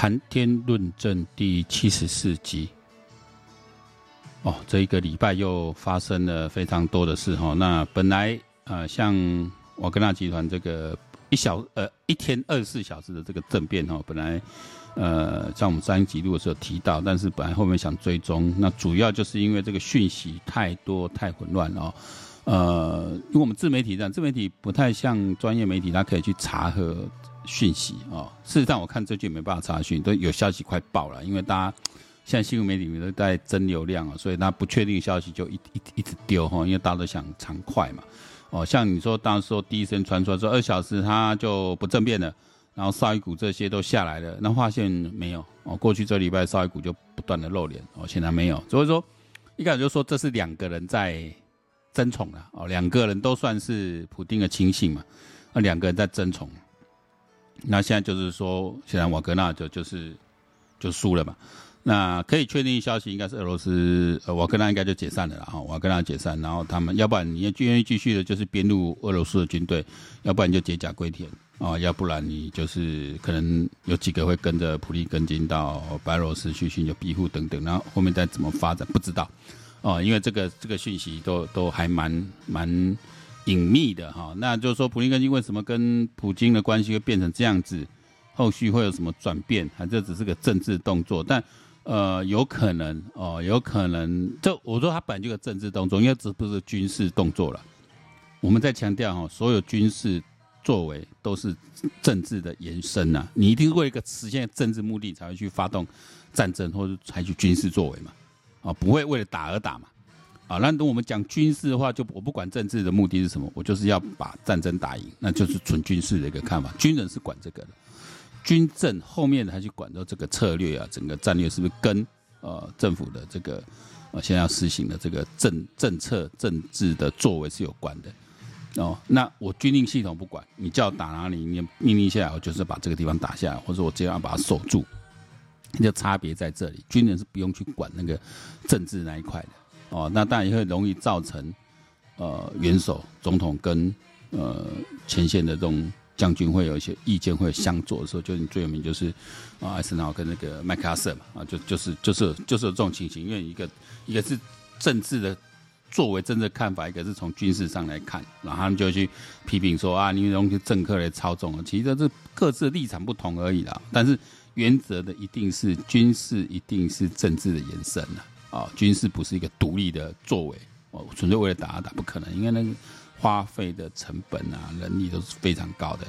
談天論政第七十四集。哦，這一個禮拜又發生了非常多的事哈。那本來呃，像瓦格納集團這個一小呃一天二十四小時的這個政變哈，本來呃像我們上一集錄的時候提到，但是本來後面想追蹤，那主要就是因為這個訊息太多太混亂哦。呃，因為我們自媒體這樣，自媒體不太像專業媒體，它可以去查核。訊息哦，事實上我看最近沒辦法查詢，都有消息快爆了，因為大家現在新聞媒體裡面都在爭流量啊，所以大家不確定的消息就一一一直丟哈，因為大家都想搶快嘛。哦，像你說，當時說第一聲傳出來說二小時它就不政變了，然後紹伊古這些都下來了，那發現沒有哦。過去這禮拜紹伊古就不斷的露臉哦，顯然沒有，所以說一開始就說這是兩個人在爭寵了哦，兩個人都算是普丁的親信嘛，那兩個人在爭寵。那現在就是說，現在瓦格納就就是就輸了嘛。那可以確定消息應該是俄羅斯，呃，瓦格納應該就解散了。然後瓦格納解散，然後他們要不然你願願意繼續的就是編入俄羅斯的軍隊，要不然你就解甲歸田啊、哦，要不然你就是可能有幾個會跟着普利根金到白俄羅斯去尋求庇護等等。然後後面再怎麼發展不知道哦，因為這個這個訊息都都還蠻蠻隱秘的哈，那就是說普丁跟因為什麼跟普京的關係會變成這樣子，後續會有什麼轉變？還這只是個政治動作，但呃有可能哦、呃，有可能，就我說他本來就個政治動作，因為這不是軍事動作了。我們在強調哈，所有軍事作為都是政治的延伸吶、啊，你一定為一個實現政治目的才會去發動戰爭或者採取軍事作為嘛，啊，不會為了打而打嘛。啊，那等我們講軍事的話，就我不管政治的目的是什麼，我就是要把戰爭打贏，那就是純軍事的一個看法。軍人是管這個的，軍政後面才去管到這個策略啊，整個戰略是不是跟呃政府的這個呃現在要實行的這個政政策政治的作為是有關的哦。那我軍令系統不管你叫打哪裡，你命令下來，我就是把這個地方打下來，或者我這樣把它守住。就差別在這裡，軍人是不用去管那個政治那一塊的。哦，那當然也會容易造成，呃，元首、總統跟呃前線的這種將軍會有一些意見會相左的時候，就是你最有名就是啊，艾森豪跟那個麥克阿瑟嘛，啊，就就是就是就是有這種情形，因為一個一個是政治的作為政治看法，一個是從軍事上來看，然後他們就去批評說啊，你用政客來操縱，其實是各自的立場不同而已啦。但是原則的一定是軍事，一定是政治的延伸啦。啊、哦，軍事不是一個獨立的作為，哦，純粹為了打而、啊、打不可能，因為那個花費的成本啊，能力都是非常高的，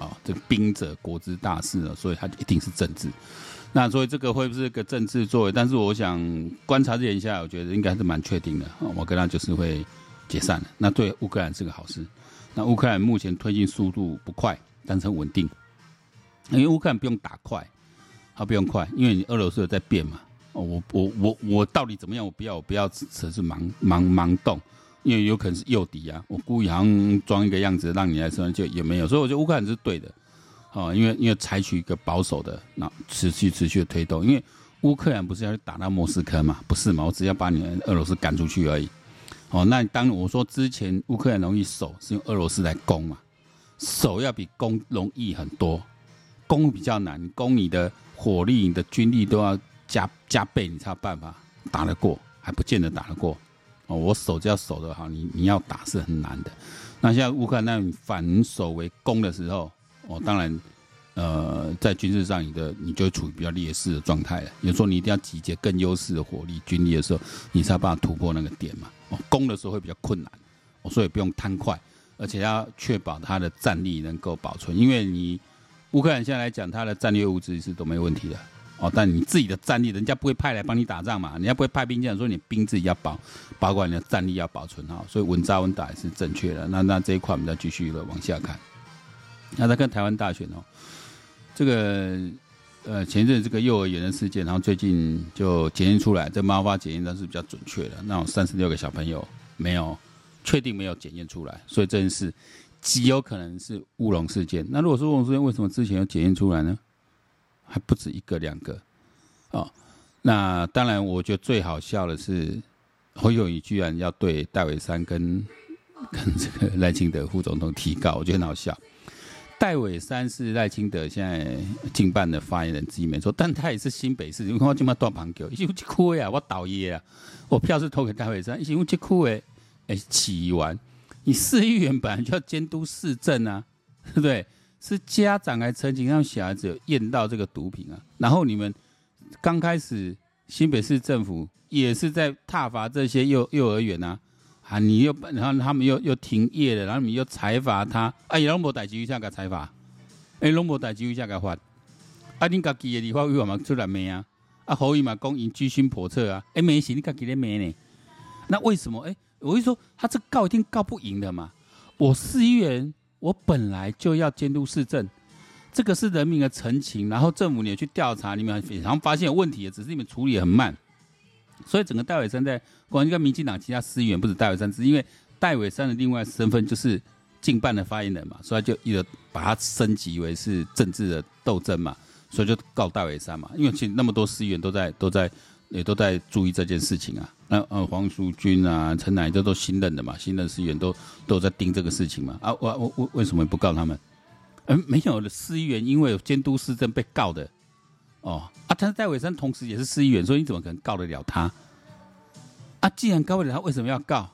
啊、哦，這兵者國之大事啊，所以它一定是政治。那所以這個會不會是一個政治作為？但是我想觀察這一點下，我覺得應該還是蠻確定的、哦、我跟他就是會解散了，那對烏克蘭是個好事。那烏克蘭目前推進速度不快，但是很穩定，因為烏克蘭不用打快，它不用快，因為你俄羅斯有在變嘛。哦，我我我我到底怎麼樣？我不要，我不要，只是盲盲盲動，因為有可能是誘敵啊！我故意好像裝一個樣子，讓你來說就也沒有。所以我覺得烏克蘭是對的，哦，因為因為採取一個保守的，那持續持續的推動。因為烏克蘭不是要去打到莫斯科嘛，不是嘛，我只要把你們俄羅斯趕出去而已。哦，那當我說之前烏克蘭容易守，是用俄羅斯來攻嘛？守要比攻容易很多，攻比較難，攻你的火力、你的軍力都要。加加倍，你才有辦法打得過，還不見得打得過哦。我守就要守得好，你你要打是很難的。那像烏克蘭反守為攻的時候，哦，當然，呃，在軍事上你的你就會處於比較劣勢的狀態了。有時候你一定要集結更優勢的火力、軍力的時候，你才有辦法突破那個點嘛。攻的時候會比較困難，所以不用貪快，而且要確保他的戰力能夠保存，因為你烏克蘭現在來講，他的戰略物資是都沒問題的。哦，但你自己的戰力，人家不會派來幫你打仗嘛？人家不會派兵這樣說，你兵自己要保保管，你的戰力要保存啊，所以穩紮穩打也是正確的。那那這一塊，我們再繼續的往下看。那再看台灣大選哦，這個呃，前陣這個幼兒園的事件，然後最近就檢驗出來，這毛髮檢驗的是比較準確的，那有三十六個小朋友沒有確定沒有檢驗出來，所以這件事極有可能是烏龍事件。那如果是烏龍事件，為什麼之前要檢驗出來呢？還不止一個兩個，哦，那當然，我覺得最好笑的是侯友宜居然要對戴瑋姍跟跟這個賴清德副總統提告，我覺得很好笑。戴瑋姍是賴清德現在經辦的發言人之一沒錯，但他也是新北市，你看我今晚斷盤球，伊有即塊啊，我倒耶啊，我票是投給戴瑋姍。」「伊有即塊誒，四億元，你市議員本來就要監督市政啊，對不對？是家長還曾經讓小孩子有驗到這個毒品啊，然後你們剛開始新北市政府也是在撻伐這些幼幼兒園吶，啊，啊，你又然後他們又又停業了，然後你們又裁罰他，哎，伊攏無代誌有啥甲裁罰，哎，伊攏無代誌有啥甲罰，啊，你家己的立法委員出來罵啊，啊，何以嘛，講伊居心叵測啊，哎，沒事你家己的罵呢？那為什麼？哎，我就說他這告一定告不贏的嘛，我市議員我本來就要監督市政，這個是人民的陳情，然後政府也去調查，你們非常發現有問題，只是你們處理很慢，所以整個戴瑋姍在，光一個民進黨其他市議員不止戴瑋姍，是因為戴瑋姍的另外的身份就是近辦的發言人嘛，所以就一直把他升級為是政治的鬥爭嘛，所以就告戴瑋姍嘛，因為其實那麼多市議員都在都在。也都在注意這件事情啊，那呃黃淑君啊、陳乃都都新任的嘛，新任市議員，都都在盯這個事情嘛啊，為我為為什麼不告他們？嗯，沒有的市議員因為監督市政被告的哦啊，啊，但是戴瑋姍同時也是市議員，所以你怎麼可能告得了他？啊，既然告不了他，為什麼要告？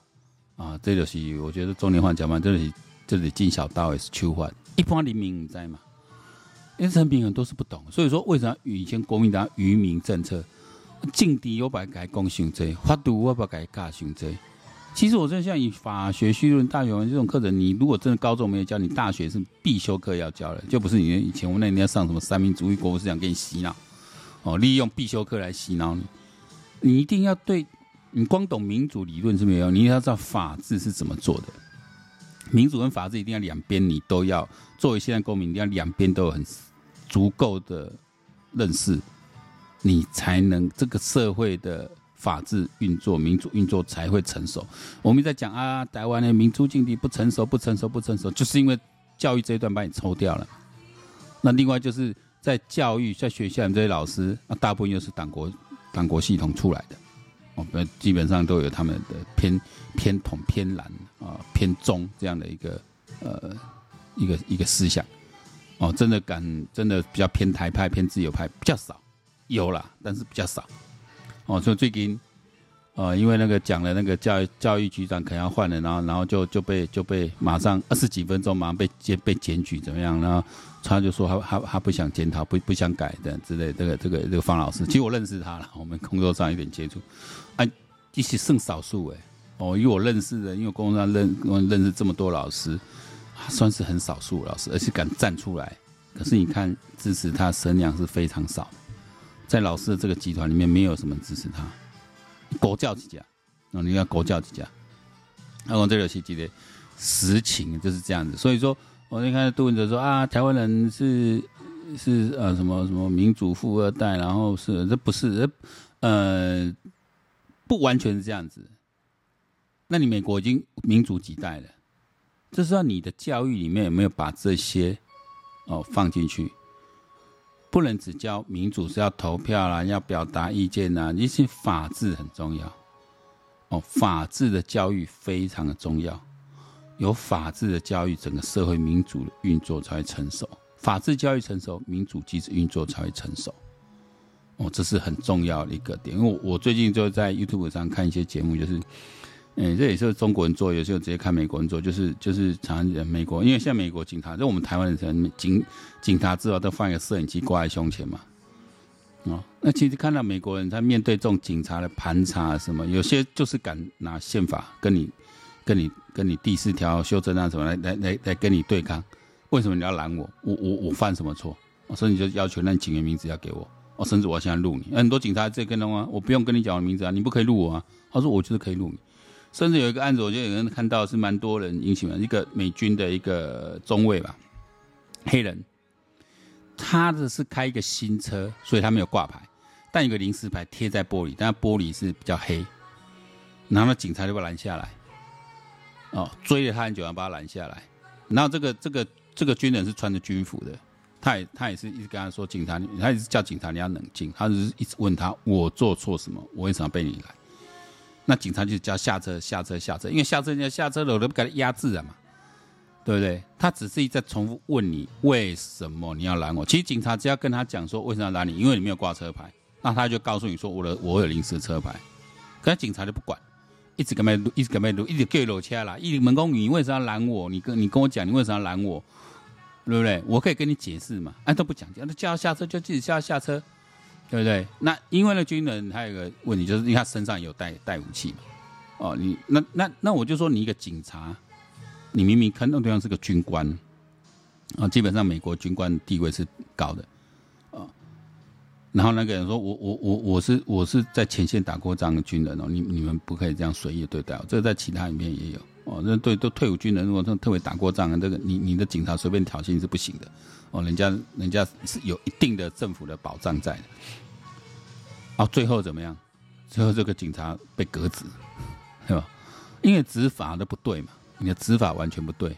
啊，這就是我覺得中年話講嘛，這裡這裡進小道也是秋患，一般黎民在嘛，因為陳平很多是不懂，所以說為啥以前國民黨愚民政策？禁地有把改公訴罪，法度我不改告訴罪。其實我真的像以法學、緒論，大學文這種課程，你如果真的高中沒有教你，大學是必修課要教的，就不是你以前我那年代上什麼三民主義國父思想給你洗腦哦，利用必修課來洗腦你。你一定要對你光懂民主理論是沒有，你一定要知道法治是怎麼做的。民主跟法治一定要兩邊你都要，作為現在公民，你要兩邊都有很足夠的認識。你才能這個社會的法治運作、民主運作才會成熟。我們在講啊，台灣的民主境地不成熟、不成熟、不成熟，就是因為教育，這一段把你抽掉了。那另外就是在教育、在學校裡面這些老師，啊，大部分又是黨國、黨國系統出來的，我們基本上都有他們的偏偏統、偏藍啊、偏中這樣的一個呃一個一個思想。哦，真的敢真的比較偏台派、偏自由派比較少。有啦，但是比較少。哦，所以最近，呃，因為那個講了那個教育教育局長可能要換了，然後然後就就被就被馬上二十幾分鐘，馬上被檢被檢舉怎麼樣？然後他就說他他他不想檢討，不不想改的之類。這個這個這個方老師，其實我認識他啦，我們工作上有點接觸。啊，其實算少數哎、欸。哦，因為我認識的，因為工作上認認識這麼多老師，啊、算是很少數老師，而且敢站出來。可是你看支持他的聲量是非常少。在老師的這個集團裡面，沒有什麼支持他，狗叫幾家。啊，你看狗叫幾家，那我這個是幾個實情就是這樣子。所以說我你看杜汶澤說啊，台灣人是是呃什麼什麼民主富二代，然後是這不是呃不完全是這樣子。那你美國已經民主幾代了，就是說你的教育裡面有沒有把這些哦放進去？不能只教民主是要投票啦，啊，要表達意見吶，啊，一些法治很重要。哦，法治的教育非常的重要。有法治的教育，整個社會民主的運作才會成熟。法治教育成熟，民主機制運作才會成熟。哦，這是很重要的一個點，因為我最近就在 YouTube 上看一些節目，就是。哎、欸，這也是中國人做，有時候直接看美國人做，就是就是常，常人美國，因為現在美國警察，就我們台灣人警警察至少都放一個攝影機掛在胸前嘛，哦、嗯，那其實看到美國人他面對這種警察的盤查什麼，有些就是敢拿憲法跟你跟你跟你第四條修正案什麼來來來來跟你對抗，為什麼你要攔我？我我我犯什麼錯、哦？所以你就要求那警員名字要給我，哦，甚至我現在錄你，很多警察在這跟那嘛，我不用跟你講我的名字啊，你不可以錄我啊，他說我就是可以錄你。甚至有一個案子，我覺得有人看到是蠻多人引起的一個美軍的一個中尉吧，黑人，他的是開一個新車，所以他沒有掛牌，但有個臨時牌貼在玻璃，但他玻璃是比較黑，然後警察就把攔下來，哦，追了他很久，然後把他攔下來，然後這個這個這個軍人是穿着軍服的，他也他也是一直跟他說警察，他一直叫警察你要冷靜，他只是一直問他，我做錯什麼，我為什麼要被你攔？那警察就叫下車，下車，下車，因為下車人家下車了，我都不給他壓制了嘛，對不對？他只是一再重複問你為什麼你要攔我。其實警察只要跟他講說為什麼要攔你，因為你沒有掛車牌，那他就告訴你說我的我有臨時的車牌，可是警察就不管，一直趕麥路，一直趕麥路，一直給我切啦，一民工，你為什麼要攔我？你跟你跟我講，你為什麼要攔我？對不對？我可以跟你解釋嘛，他、啊、不講，叫下車就自己叫下車。對不對？那因為那軍人他有個問題，就是因為他身上有帶帶武器嘛。哦，你那那那我就說，你一個警察，你明明看到對方是個軍官，哦，啊，基本上美國軍官地位是高的啊，哦。然後那個人說我，我我我我是我是在前線打過仗的軍人哦，你你們不可以這樣隨意對待。哦，這個在其他裡面也有哦，那對都退伍軍人，如果他特別打過仗的，這個你你的警察隨便挑釁是不行的。哦，人家人家是有一定的政府的保障在的，然、哦、後最後怎麼樣？最後這個警察被革職，對吧？因為執法的不對嘛，你的執法完全不對。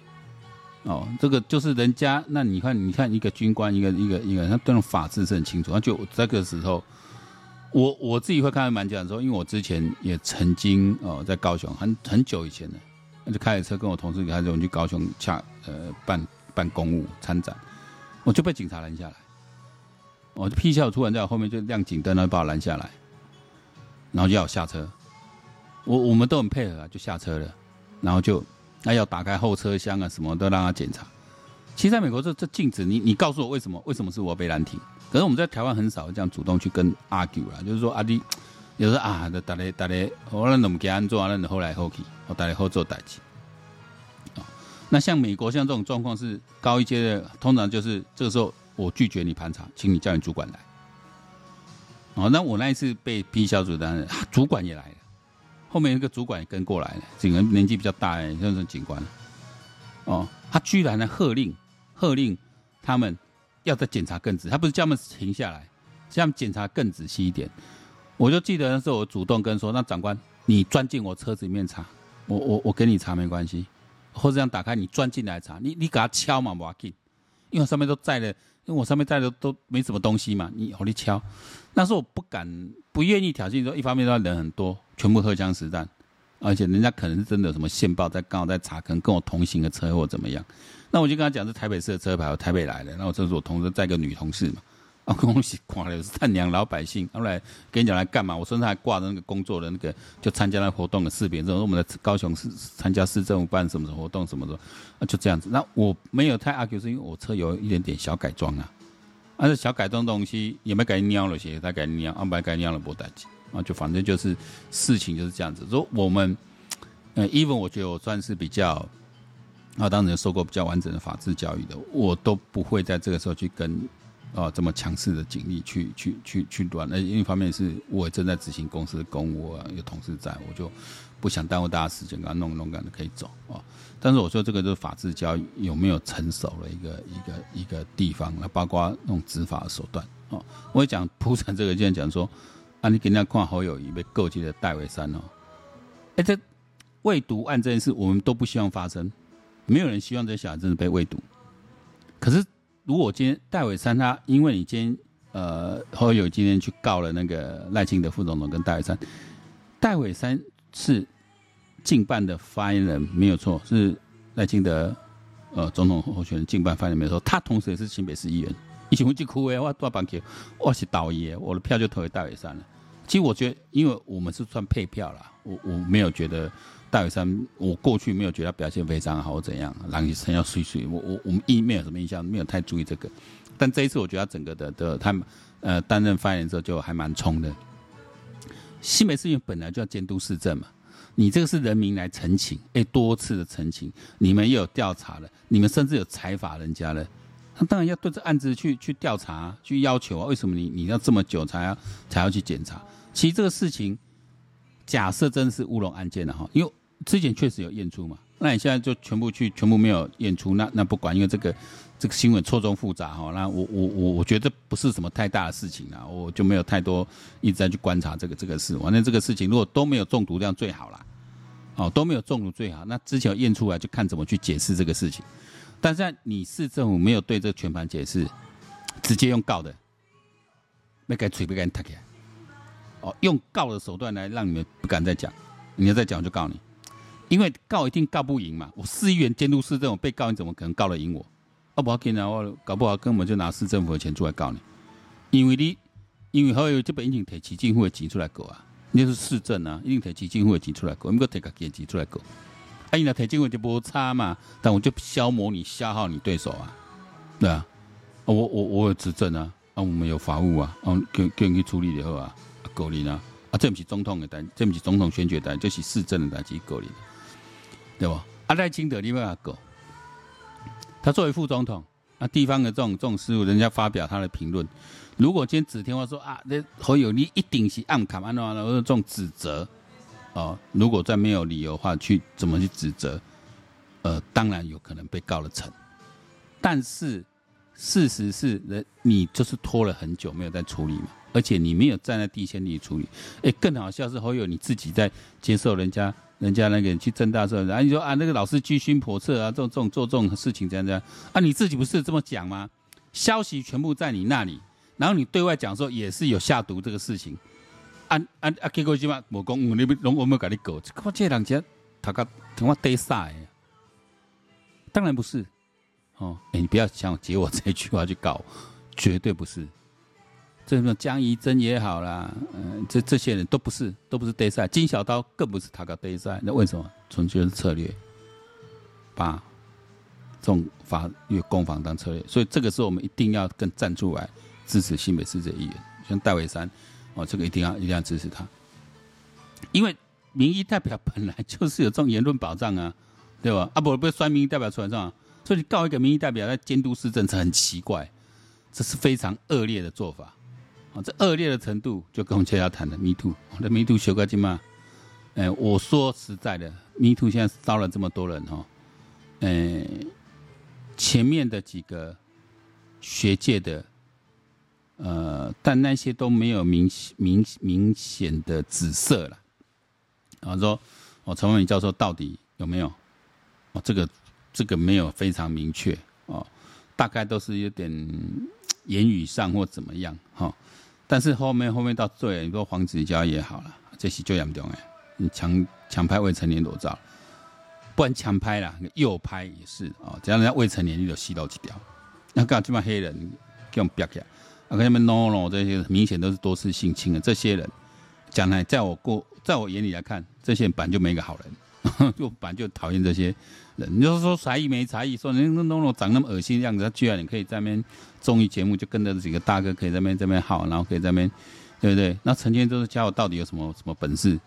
哦，這個就是人家，那你看，你看一個軍官，一個一個一個，他對那種法治是很清楚。那就這個時候，我我自己會看蠻講說，因為我之前也曾經哦在高雄很很久以前的，就開着車跟我同事開車去高雄，恰呃辦辦公務參展。我就被警察攔下來，我屁笑突然在我後面就亮警燈，然後把我攔下來，然後就要下車，我我們都很配合啊，就下車了，然後就那要打開後車廂啊，什麼都讓他檢查。其實在美國這這禁止，你你告訴我為什麼？為什麼是我被攔停？可是我們在台灣很少這樣主動去跟 argue 啦，就是說阿迪。有時候啊，就我打你打你，我們好好讓麼給安坐啊？那你後來後去，我打你後做代志。那像美國像這種狀況是高一些的，通常就是這個時候我拒絕你盤查，請你叫你主管來。哦，那我那一次被批小組的、啊、主管也來了，後面一個主管也跟過來了，警官年紀比較大，那種警官。哦，他居然呢，喝令喝令他們要再檢查更仔細，他不是叫他們停下來，是叫他們檢查更仔細一點。我就記得那時候我主動跟說，那長官，你鑽進我車子裡面查，我我我跟你查沒關係。或者這樣打開，你鑽進來查，你你給他敲嘛，不要緊，因為上面都載了，因為我上面載的都沒什麼東西嘛，你用力敲。那時候我不敢，不願意挑釁，說一方面，當然人很多，全部荷槍實彈，而且人家可能是真的有什麼線報，在剛好在查，可能跟我同行的車或怎麼樣，那我就跟他講是台北市的車牌，我台北來的，那我這是我同時載個女同事嘛。啊，我是看了是他娘老百姓，後來跟你講來幹嘛？我身上還掛着那個工作的那個，就參加了活動的視頻，就是我們在高雄市參加市政府辦什麼什麼活動什麼的，啊，就這樣子。那我沒有太阿 Q，是因為我車有一點點小改裝啊，但是小改裝東西也沒改尿了些，他改尿，安排改尿了不帶機啊，就反正就是事情就是這樣子。如果我們，嗯，even 我覺得我算是比較啊，當時受過比較完整的法治教育的，我都不會在這個時候去跟。啊、哦，這麼強勢的警力去去去去抓，那、欸、一方面是我正在執行公司，的公務啊，有同事在，我就不想耽誤大家時間，給他弄弄，乾脆可以走哦。但是我說這個就是法治教育有沒有成熟的一個一個一個地方，包括那種執法的手段啊、哦，我講鋪城這個，既然講說啊，你給人家掛侯友宜被勾結的戴瑋姍哦，哎、欸，這餵毒案這件事，我們都不希望發生，沒有人希望這小孩真的被餵毒，可是。如果今天戴瑋姍他，因為你今天，呃，侯友宜今天去告了那個賴清德副總統跟戴瑋姍，戴瑋姍是競辦的發言人，沒有錯，是賴清德呃總統候選人競辦發言人，沒有錯，他同時也是新北市議員，一回就哭誒，我大板球，我是導演，我的票就投給戴瑋姍了。其實我覺得，因為我們是算配票啦，我我沒有覺得戴瑋姍，我過去沒有覺得他表現非常好或怎樣。狼逸生要睡睡，我我我們一沒有什麼印象，沒有太注意這個。但這一次我覺得他整個的的他呃擔任發言人之後就還蠻衝的。西美事情本來就要監督市政嘛，你這個是人民來澄清。哎，多次的澄清，你們又有調查了，你們甚至有採訪人家了，他當然要對這案子去去調查，啊，去要求啊，為什麼你你要這麼久才要才要去檢查？其實這個事情，假設真的是烏龍案件了哈，因為之前確實有驗出嘛，那你現在就全部去，全部沒有驗出，那那不管，因為這個這個新聞錯綜複雜哈，那我我我我覺得不是什麼太大的事情啊，我就沒有太多一直在去觀察這個這個事，反正這個事情如果都沒有中毒量最好了，哦都沒有中毒最好，那之前有驗出來就看怎麼去解釋這個事情，但現在你市政府沒有對這個全盤解釋，直接用告的，沒給準備敢打開。哦，用告的手段來讓你們不敢再講，你要再講我就告你，因為告一定告不贏嘛。我市議員監督市政，我被告，你怎麼可能告得贏我？啊，不好、啊，不然我搞不好根本就拿市政府的錢出來告你，因為你，因為後有這邊已經提起經的提出來搞啊，你是市政啊，一定提起金會的經出來搞，我們個提個經費出來搞，啊，因為提經費就無差嘛，但我就消磨你，消耗你對手啊，對啊，我我我有執政啊，啊，我們有法務啊，啊，給你去處理以後啊。狗臉啊！啊，這不是總統的單，這不是總統選舉單，這是市政的單，這是狗臉，對吧？阿賴清德，你為阿狗？他作為副總統，啊，地方的這種這種事務，人家發表他的評論。如果今天只聽話說啊，那侯友宜一定是按卡暗玩了，這種指責哦。如果再沒有理由的話，去怎麼去指責？呃，當然有可能被告了成。但是事實是，人你就是拖了很久，沒有在處理嘛。而且你沒有站在地千里處理，欸，更好笑是侯友宜自己在接受人家，人家那個人去爭大時候，然後你說啊，那個老師居心叵測啊，做這種做這種事情這樣，樣啊，啊，你自己不是這麼講嗎？消息全部在你那裡，然後你對外講說也是有下毒這個事情，啊啊啊！結果是嘛，我講我那邊攏我沒跟你搞，我這人只他個同我對曬，當然不是，哦、欸，你不要想接我，我這一句話去搞，絕對不是。這什麼江怡臻也好啦，嗯、呃，這這些人都不是，都不是對賽，金小刀更不是他搞對賽。那為什麼？純粹是策略，把這種法律攻防當策略。所以這個時候，我們一定要更站出來支持新北市這議員，像戴瑋姍，哦，這個一定要一定要支持他，因為民意代表本來就是有這種言論保障啊，對吧？啊，不不，選民意代表出來上，所以你告一個民意代表在監督市政是很奇怪，這是非常惡劣的做法。這惡劣的程度就跟我們悄悄談的 MeToo，我的 MeToo 學界嘛，哎，我說實在的，MeToo 現在招了這麼多人哈、哦，哎，前面的幾個學界的，呃，但那些都沒有明明明,明顯的紫色了。然後說我陳文敏教授到底有沒有？這個這個沒有非常明確哦，大概都是有點言語上或怎麼樣哈、哦。但是後面後面到最後，你說黃子佼也好了，這是最嚴重的，你強強拍未成年裸照，不然強拍啦，誘拍也是啊、喔！只要人家未成年你都洗到，你就吸到幾條。那幹嘛這幫黑人給我們起來，他們弄弄這些，明顯都是多次性侵的這些人將來在我過，在我眼裡來看，這些人本來就沒一個好人呵呵，就本來就討厭這些。你就是說才藝沒才藝，說人家弄弄長那麼噁心的樣子，他居然你可以在那邊綜藝節目，就跟着幾個大哥可以在那邊在那邊耗，然後可以在那邊，對不對？那成天就是教我到底有什麼什麼本事，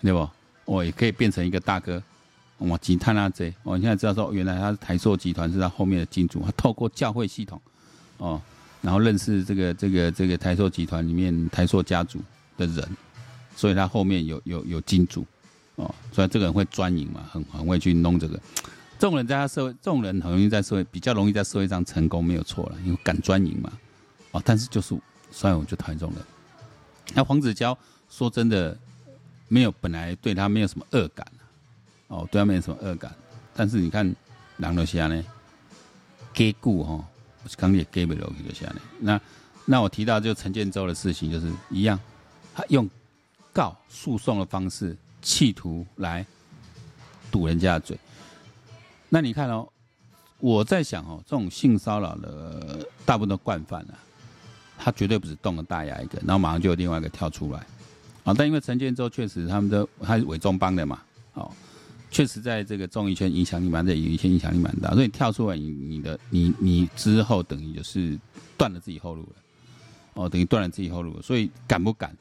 對不？我也可以變成一個大哥，哇，吉他那這我現在知道說，原來他是台塑集團是他後面的金主。他透過教會系統，哦，然後認識這個這個這個台塑集團裡面台塑家族的人，所以他後面有有有金主。哦，所以這個人會鑽營嘛，很很會去弄這個。這種人在他社會，這種人很容易在社會，比較容易在社會上成功，沒有錯了，因為敢鑽營嘛。哦，但是就是，所以我就討厭這種人。那黃子佼說真的，沒有本來對他沒有什麼惡感，哦，對他沒有什麼惡感。但是你看郎德霞呢，給顧哦，我剛也給不了郎德下呢。那那我提到就陳建州的事情，就是一樣，他用告訴訟的方式，企圖來堵人家的嘴，那你看哦，我在想哦，這種性騷擾的大部分慣犯啊，他絕對不是動了大牙一個，然後馬上就有另外一個跳出來啊、哦。但因為陳建州確實，他們都他是偉忠幫的嘛，好、哦，確實在這個綜藝圈影響力蠻大，有一些影響力蠻大，所以跳出來你，你的你的你你之後等於就是斷了自己後路了，哦，等於斷了自己後路了，所以敢不敢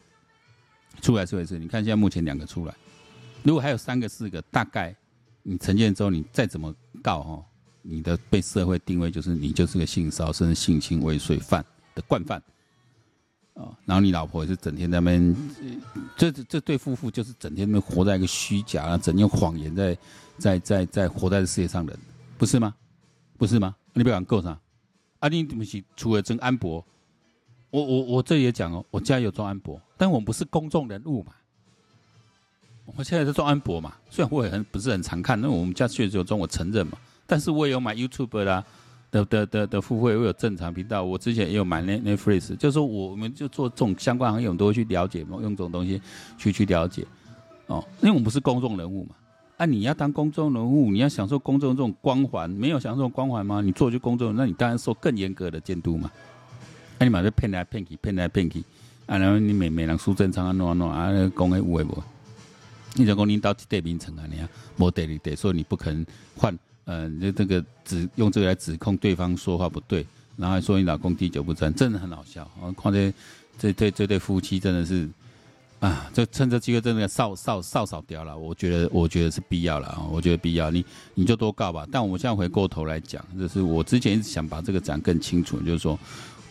出來是不是？你看現在目前兩個出來。如果還有三個四個，大概你陳建州，你再怎麼告哦，你的被社會定位就是你就是個性騷擾甚至性侵未遂犯的慣犯，啊，然後你老婆也是整天在那邊，這這對夫婦就是整天都活在一個虛假、整天謊言，在在在在活在這世界上的人，不是嗎？不是嗎？啊、你不想告他，阿你怎麼去？除了爭安博，我我我這也講哦，我家有裝安博，但我們不是公眾人物嘛。我現在在做安博嘛，雖然我也很不是很常看，那我們家確實有裝，我承認嘛。但是我也有買 YouTube 啦，的的的的付費，我有正常頻道。我之前也有買那那 Netflix，就是說我們就做這種相關行業，我們都會去了解嘛，用這種東西去去了解。哦，因為我們不是公眾人物嘛，啊，你要當公眾人物，你要享受公眾這種光環，沒有享受光環嗎？你做就公眾，那你當然受更嚴格的監督嘛，啊。那你把這騙來騙去，騙來騙去，啊，然後你每每當蘇貞昌啊，喏喏啊，講那會不？你老公，你到底得名城啊？你啊，沒得理，得說你不可能換。嗯，這這個指用這個來指控對方說話不對，然後還說你老公滴酒不沾，真的很好笑啊！況且這這這對夫妻真的是啊，這趁這機會真的要掃掃掃掃掉了。我覺得，我覺得是必要了啊！我覺得必要，你你就多告吧。但我們現在回過頭來講，就是我之前一直想把這個講更清楚，就是說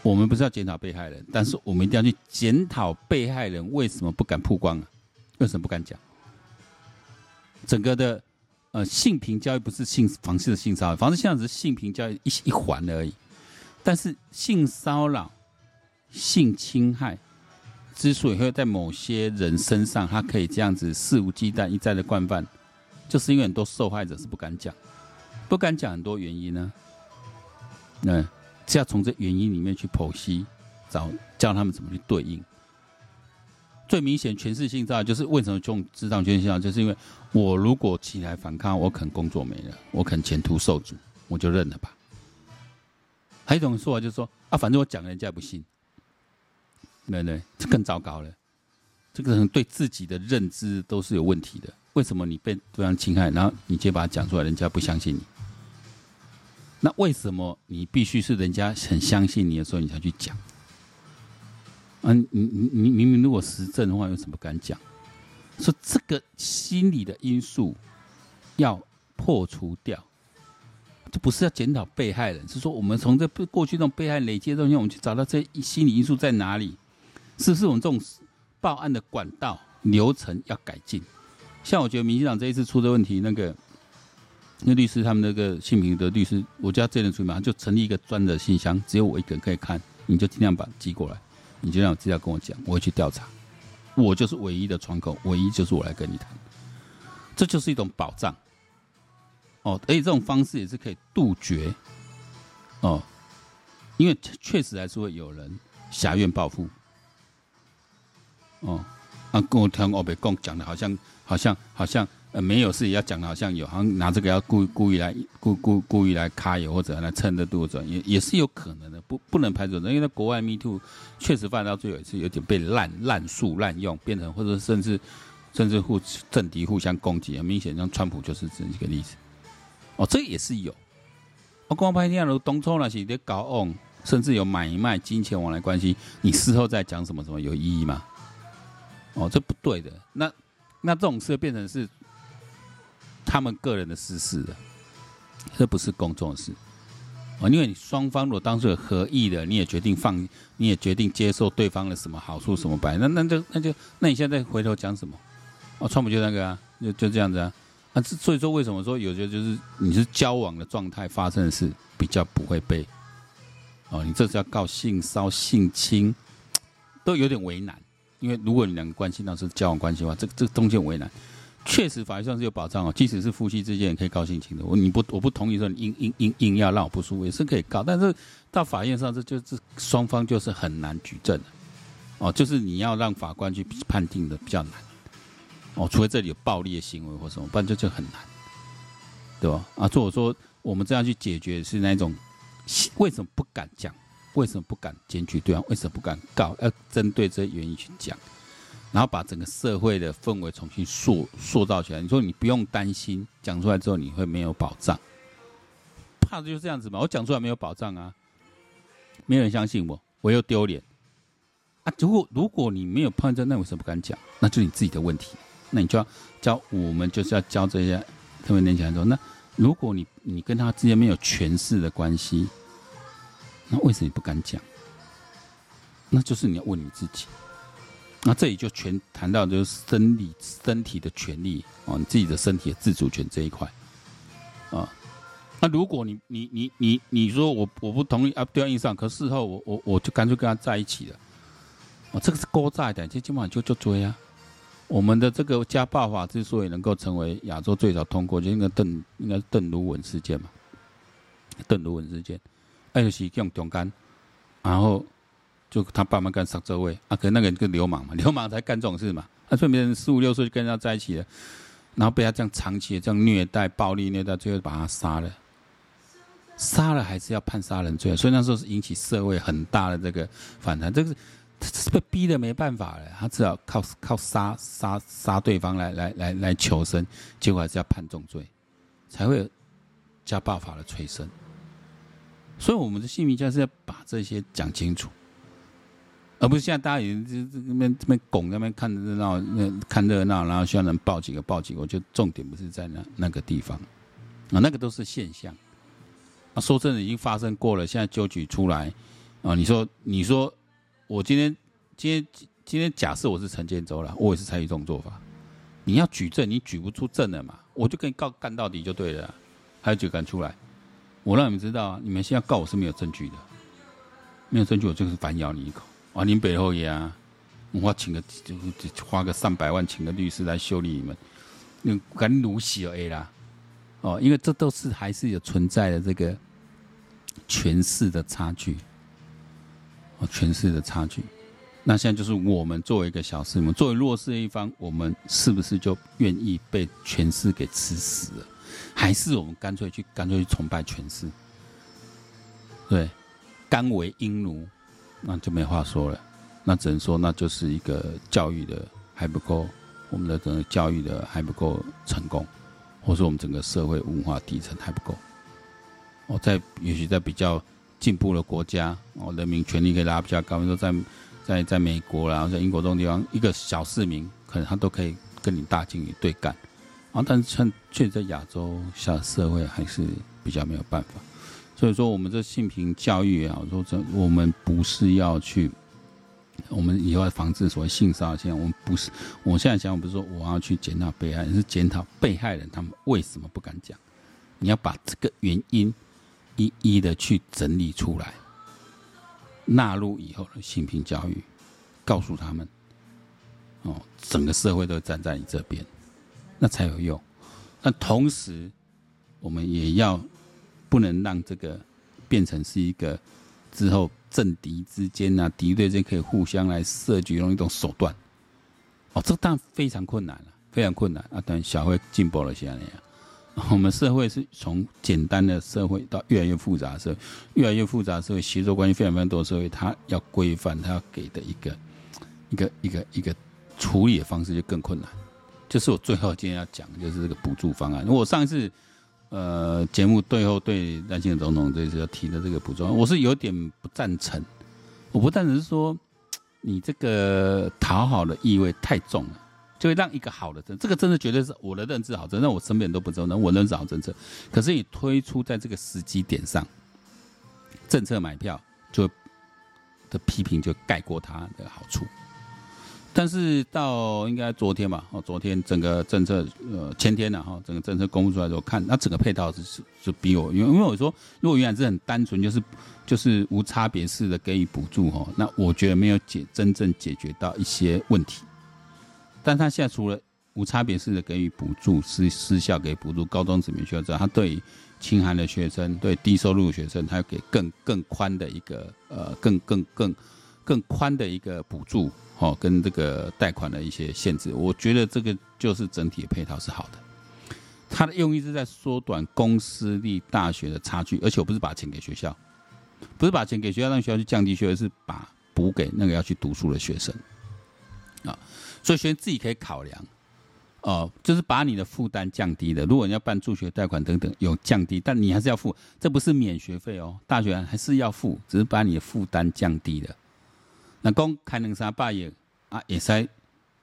我們不是要檢討被害人，但是我們一定要去檢討被害人為什麼不敢曝光啊？為什麼不敢講？整個的，呃，性平教育不是性，防治的性騷擾，防治這只是性平教育一一環而已。但是性騷擾、性侵害之所以會在某些人身上，他可以這樣子肆無忌憚一再的慣犯，就是因為很多受害者是不敢講，不敢講很多原因呢。那只要從這原因裡面去剖析，找教他們怎麼去對應。最明顯詮釋性礙，就是為什麼用智障詮釋性，就是因為我如果起來反抗，我可能工作沒了，我可能前途受阻，我就認了吧。還有一種說法就是說啊，反正我講人家也不信，對對，這更糟糕了。這個人對自己的認知都是有問題的。為什麼你被對方侵害，然後你直接把它講出來，人家不相信你？那為什麼你必須是人家很相信你的時候，你才去講？嗯，你你你明明如果實證的話，有什麼敢講？說這個心理的因素要破除掉，就不是要檢討被害人，是說我們從這過去這種被害累積的東西，我們去找到這心理因素在哪裡？是不是我們這種報案的管道流程要改進？像我覺得民進黨這一次出的問題，那個那個律師他們那個姓名的律師，我叫這人出馬，就成立一個專的信箱，只有我一個人可以看，你就盡量把寄過來。你就讓我知道跟我講，我會去調查，我就是唯一的窗口，唯一就是我來跟你談，這就是一種保障。哦，而且這種方式也是可以杜絕，哦，因為確實還是會有人挾怨報復。哦，啊，跟我聽我講的好像，好像，好像。呃，沒有事，事也要講的，好像有，好像拿這個要故意故意來故意故意故意來揩油或者來蹭熱度，也也是有可能的，不不能排除，因為在國外 MeToo 確實犯到最後一次有點被濫濫訴濫用，變成或者甚至甚至互政敵互相攻擊，很明顯，像川普就是這幾個例子。哦，這也是有。我剛拍電腦東錯那是在交往，甚至有買賣金錢往來關係，你事後再講什麼什麼有意義嗎？哦，這不對的。那那這種事變成是。他們個人的私事的，這不是公眾的事，哦，因為你雙方如果當時有合意的，你也決定放，你也決定接受對方的什麼好處什麼白，那那就那就那你現在回頭講什麼？哦，川普就那個啊，就就這樣子啊，啊，所以說為什麼說有就就是你是交往的狀態發生的事，比較不會被，哦，你這是要告性騷性侵，都有點為難，因為如果你兩個關係那是交往關係的話，這這中間為難。確實，法院上是有保障哦。即使是夫妻之間，也可以告性侵的。我你不，我不同意說你硬硬硬硬，硬要讓我不舒服，也是可以告。但是到法院上，這就是雙方就是很難舉證哦，就是你要讓法官去判定的比較難哦。除非這裡有暴力的行為或什麼，不然就就很難，對吧？啊，如果說我們這樣去解決，是那種為什麼不敢講？為什麼不敢檢舉對方？為什麼不敢告？要針對這些原因去講。然後把整個社會的氛圍重新塑塑造起來。你說你不用擔心，講出來之後你會沒有保障，怕的就是這樣子嘛。我講出來沒有保障啊，沒有人相信我，我又丟臉啊。如果如果你沒有判斷，那為什麼不敢講？那就你自己的問題。那你就要教我們，就是要教這些特別年輕人說，那如果你你跟他之間沒有權勢的關係，那為什麼不敢講？那就是你要問你自己。那這裡就全談到就生理身體的權利哦，你自己的身體的自主權這一塊啊。那如果你你你你你說我我不同意啊，不要硬上，可，事後我我我就乾脆跟他在一起了。哦，這個是勾在的，這今晚就就追啊。我們的這個家暴法之所以能夠成為亞洲最早通過就，就應該鄧應該是鄧如雯事件嘛，鄧如雯事件，那就是用強姦，然後。就他爸媽幹殺這位啊，可能那個人就流氓嘛，流氓才幹這種事嘛。啊說別人四五六歲就跟人家在一起了，然後被他這樣長期的這樣虐待，暴力虐待，最後把他殺了。殺了還是要判殺人罪，所以那時候是引起社會很大的這個反彈。這個是，是被逼的沒辦法了，他只好靠靠殺殺殺對方來來來來求生，結果還是要判重罪，才會有家暴法的催生。所以我們的信民家是要把這些講清楚。而不是現在大家已經這這在那這邊拱那邊看熱鬧，那看熱鬧，然後需要能報幾個報幾個，我就重點不是在那那個地方，啊，那個都是現象。啊，說真的已經發生過了，現在就舉出來，啊，你說你說，我今天今天今天假設我是陳建州了，我也是參與這種做法，你要舉證，你舉不出證的嘛，我就跟你告幹到底就對了，還有就敢出來，我讓你們知道你們現在告我是沒有證據的，沒有證據我就是反咬你一口。華林北後也啊，我請個就花個上百萬，請個律師來修理你們，你緊奴洗而已啦！哦，因為這都是還是有存在的這個權勢的差距，哦，權勢的差距。那現在就是我們作為一個小市民，我們作為弱勢的一方，我們是不是就願意被權勢給吃死了？還是我們乾脆去乾脆去崇拜權勢？對，甘為鷹奴。那就沒話說了，那只能說那就是一個教育的還不夠，我們的整個教育的還不夠成功，或者說我們整個社會文化底層還不夠。我在也許在比較進步的國家，哦，人民權力可以拉比較高，比如說在在在美國然後在英國這種地方，一個小市民可能他都可以跟你大鯨魚對幹，啊，但是確實在亞洲小社會還是比較沒有辦法。所以說，我們這性平教育也好，說這我們不是要去，我們以後要防止所謂性騷擾，現在我們不是，我現在想我們不是說我要去檢討被害人，是檢討被害人他們為什麼不敢講。你要把這個原因一一的去整理出來，納入以後的性平教育，告訴他們，哦，整個社會都站在你這邊，那才有用。那同時，我們也要。不能讓這個變成是一個之後政敵之間啊，敵對之間可以互相來設局用一種手段。哦，這當然非常困難了、啊，非常困難啊！等社會進步了現在，我們社會是從簡單的社會到越來越複雜的社會，越來越複雜的社會協作關係非常非常多社會，所以它要規範，它要給的一個一個一個一個處理的方式就更困難。就是我最後今天要講的就是這個補助方案，如果我上一次。呃，節目最後對賴清德總統這次要提的這個補助，我是有點不贊成。我不贊成是說，你這個討好的意味太重了，就會讓一個好的政，這個政策絕對是我的認知好真的，我身邊人都不爭，那我認識好政策，可是你推出在這個時機點上，政策買票就的批評就蓋過他的好處。但是到應該昨天吧，哦，昨天整個政策，呃，前天呢，哈，整個政策公布出來之後，看那整個配套是是是比我，因為因為我說，如果原來是很單純就是就是無差別式的給予補助，哈，那我覺得沒有解真正解決到一些問題。但他現在除了無差別式的給予補助，私私校給補助，高中職免學費，他對清寒的學生，對低收入的學生，他要給更更寬的一個，呃，更更更更寬的一個補助。哦，跟這個貸款的一些限制，我覺得這個就是整體的配套是好的。它的用意是在縮短公私立大學的差距，而且我不是把錢給學校，不是把錢給學校讓學校去降低學費，是把補給那個要去讀書的學生啊。所以學生自己可以考量哦，就是把你的負擔降低了。如果你要辦助學貸款等等，有降低，但你還是要付，這不是免學費哦，大學還是要付，只是把你的負擔降低了。那講開兩三百億啊，也是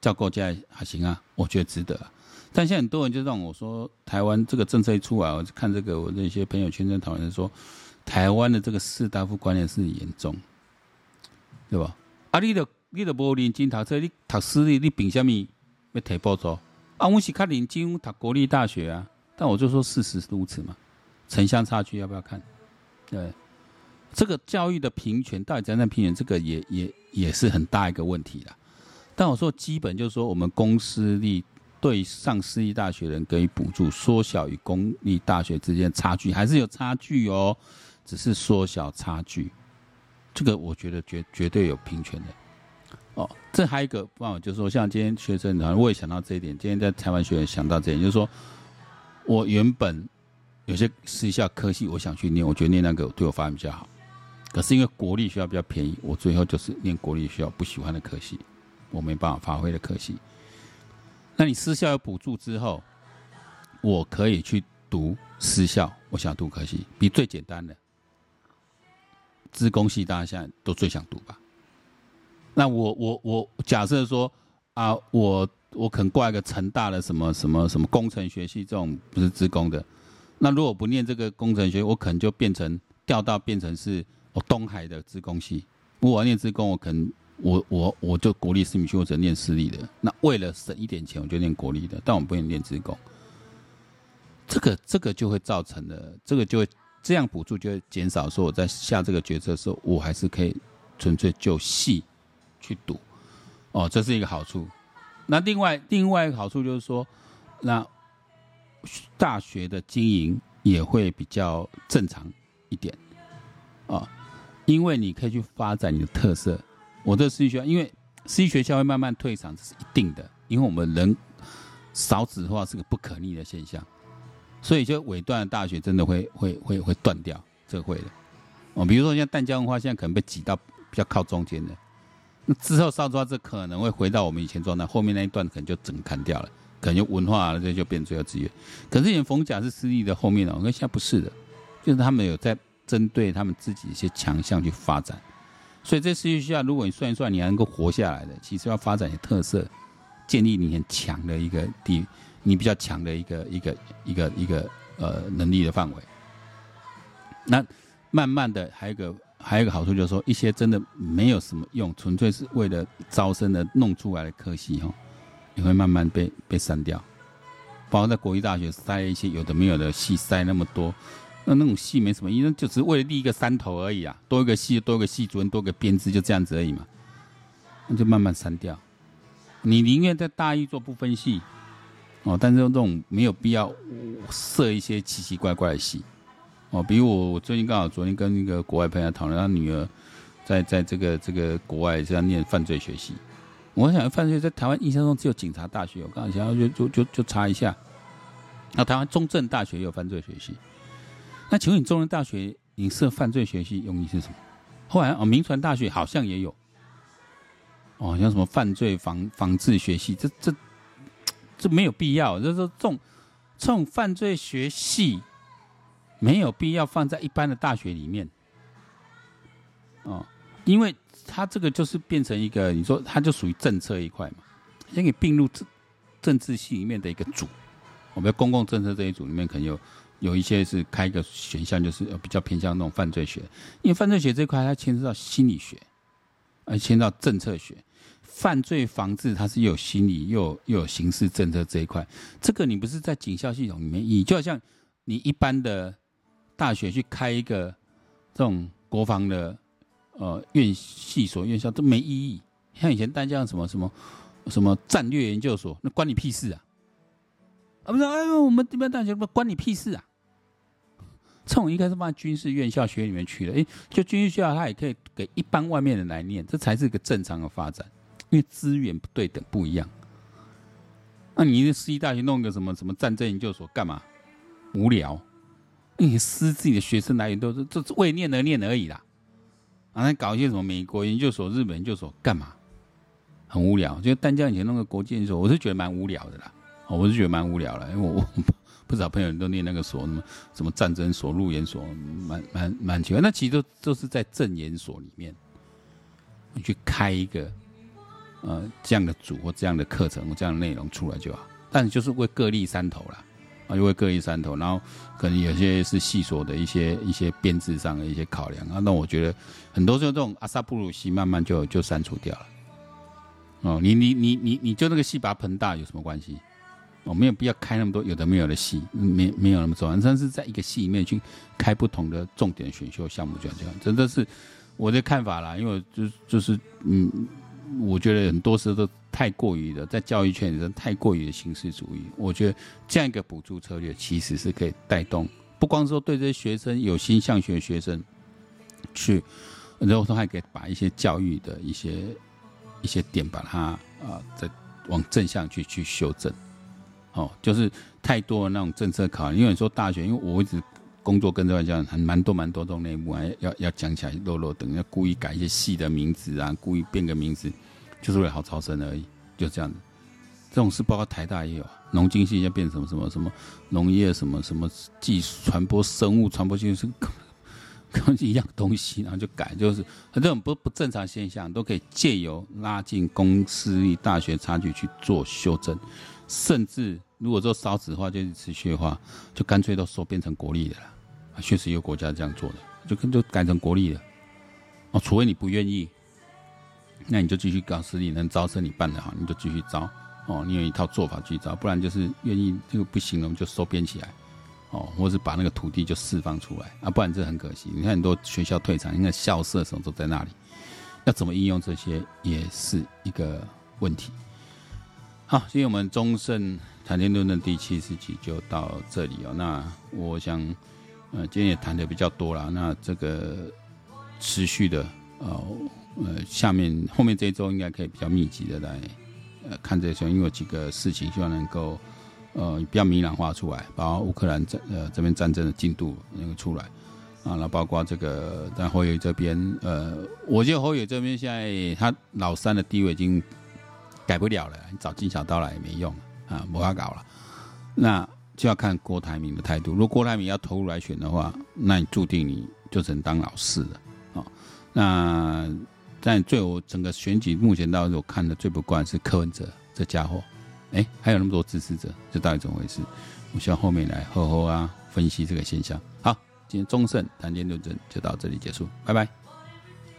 交國家還行啊，我覺得值得、啊。但現在很多人就讓我說，台灣這個政策一出來啊，我就看這個我那些朋友圈在討論說，台灣的這個士大夫觀念是很嚴重，對吧？嗯、啊，你都你都不認真讀書，你讀私立，你憑什麼要提補助？啊，我是較認真讀國立大學啊，但我就說事實是如此嘛，城鄉差距要不要看？對。這個教育的平權到底怎樣平權？這個也也也是很大一個問題啦。但我說基本就是說，我們公私立對上私立大學人給予補助，縮小與公立大學之間差距，還是有差距哦，只是縮小差距。這個我覺得絕絕對有平權的。哦，這還有一個，辦法，就是說，像今天學生，然後我也想到這一點，今天在台灣學員想到這一點，就是說，我原本有些私校科系我想去念，我覺得念那個對我發展比較好。可是因為國立學校比較便宜，我最後就是念國立學校不喜歡的科系，我沒辦法發揮的科系。那你私校有補助之後，我可以去讀私校，我想讀科系，比最簡單的，資工系大家現在都最想讀吧？那我我我假設說啊，我我可能掛一個成大的什麼、什麼什麼什麼工程學系這種不是資工的，那如果不念這個工程學，我可能就變成掉到變成是。我、哦、東海的職工系，如果我要念職工，我可能我我我就國立私立區或者念私立的，那為了省一點錢，我就念國立的，但我不用念職工。這個這個就會造成了，這個就會這樣補助就會減少。說我在下這個決策的時候，我還是可以純粹就系去讀。哦，這是一個好處。那另外另外一個好處就是說，那大學的經營也會比較正常一點，啊、哦。因為你可以去發展你的特色。我的私立學校，因為私立學校會慢慢退場，這是一定的。因為我們人少子化是個不可逆的現象，所以就尾段的大學真的會會會會斷掉，這會的。哦，比如說像淡江文化，現在可能被擠到比較靠中間的，那之後少子化這可能會回到我們以前狀態，後面那一段可能就整砍掉了，可能就文化這就，就變成最後資源。可是以前逢甲是私立的後面啊，我說現在不是的，就是他們有在。針對他們自己一些強項去發展，所以這是所學如果你算一算，你還能夠活下來的，其實要發展有特色，建立你很強的一個地，你比較強的一個,一個一個一個一個呃能力的範圍。那慢慢的，還有一個還有一個好處就是說，一些真的沒有什麼用，純粹是為了招生的弄出來的科系哦，也會慢慢被被刪掉，包括在國立大學塞一些有的沒有的系塞那麼多。那那種系沒什麼，因為就只為了立一個山頭而已啊。多一個系，多一個系，主任多一個編制，就這樣子而已嘛。那就慢慢刪掉。你寧願在大一做不分系，哦，但是這種沒有必要設一些奇奇怪怪的系。哦，比如我最近剛好昨天跟一個國外朋友討論，他女兒在在這個這個國外這樣念犯罪學系。我想犯罪在台灣印象中只有警察大學，我剛好想要就就就就查一下。那台灣中正大學也有犯罪學系。那請問你中文大學你硬設犯罪學系用意是什麼？後來哦，銘傳大學好像也有哦，像什麼犯罪防防治學系，這這這沒有必要。就是說這種這種犯罪學系沒有必要放在一般的大學裡面哦，因為它這個就是變成一個，你說它就屬於政策一塊嘛，先給併入政政治系裡面的一個組。我們公共政策這一組裡面可能有。有一些是開一個選項，就是比較偏向那種犯罪學，因為犯罪學這塊它牽涉到心理學，而牽涉到政策學，犯罪防治它是又有心理，又有又有刑事政策這一塊。這個你不是在警校系統裡面，你就好像你一般的大學去開一個這種國防的呃院系所院校都沒意義。像以前大家什,什麼什麼什麼戰略研究所，那關你屁事啊！啊不是，哎呦，我們這邊大學不關你屁事啊！這種應該是放在軍事院校學裡面去了。哎，就軍事學校，它也可以給一般外面的人來念，這才是一個正常的發展，因為資源不對等不一樣。啊、你那你的私立大學弄個什麼什麼戰爭研究所幹嘛？無聊！你私自己的學生來源都是，這是為念而念而已啦。啊，搞一些什麼美國研究所、日本研究所幹嘛？很無聊。就淡江以前那個國際研究所，我是覺得蠻無聊的啦。Oh, 我是覺得蠻無聊了，因為我,我不,不少朋友都念那個所，什麼什麼戰爭所、入員所，蠻蠻蠻奇怪，那其實都都是在正研所裡面你去開一個呃這樣的組或這樣的課程或這樣的內容出來就好，但就是會各立山頭了啊，因為各立山頭、啊，然後可能有些是細所的一些一些編制上的一些考量啊，那我覺得很多時候這種阿薩布魯西慢慢就就刪除掉了。哦，你你你你你就那個戲拔盆大有什麼關係？我、哦、沒有必要開那麼多有的沒有的系，沒沒有那麼做。反正是在一個系裡面去開不同的重點選修項目就，就就真的是我的看法啦。因為就是、就是嗯，我覺得很多時候都太過於的在教育圈裡面太過於的形式主義。我覺得這樣一個補助策略其實是可以帶動，不光說對這些學生有心向學的學生去，然後說還可以把一些教育的一些一些點把它啊再往正向去去修正。哦，就是太多的那種政策考量，因為你說大學，因為我一直工作跟這外交很蠻多蠻多種內幕啊，要要講起來囉囉等，要故意改一些系的名字啊，故意變個名字，就是為了好招生而已，就這樣子。這種事包括台大也有，農經系要變什麼什麼什麼農業什麼什麼技術傳播生物傳播性是可能一樣東西，然後就改，就是這種不不正常現象都可以借由拉近公私立大學差距去做修正。甚至，如果說少子化的話，就是持續的話，就乾脆都收編成國立的啦。確實有國家這樣做的，就就改成國立的。哦，除非你不願意，那你就繼續搞私立，你能招生，你辦得好，你就繼續招。哦，你有一套做法去招，不然就是願意這個不行了，我們就收編起來。哦，或是把那個土地就釋放出來啊，不然這很可惜。你看很多學校退場，你看校舍什麼都在那裡，要怎麼應用這些也是一個問題。好，今天我們忠勝談天論政第七十四集就到這裡哦。那我想，呃，今天也談的比較多了。那這個持續的，呃呃，下面後面這一周應該可以比較密集的來，呃，看這一周，因為有幾個事情希望能夠，呃，比較明朗化出來，把烏克蘭戰呃這邊戰爭的進度能夠出來，啊，那包括這個，在侯友這邊，呃，我覺得侯友這邊現在他老三的地位已經。改不了了，你找金小刀來也沒用啊，沒法搞了。那就要看郭台銘的態度。如果郭台銘要投入來選的話，那你注定你就只能當老四了啊、哦。那但最後整個選舉目前當中我看的最不慣是柯文哲這家伙。哎、欸，還有那麼多支持者，這到底怎麼回事？我希望後面來好好啊，分析這個現象。好，今天忠勝談天論政就到這裡結束，拜拜。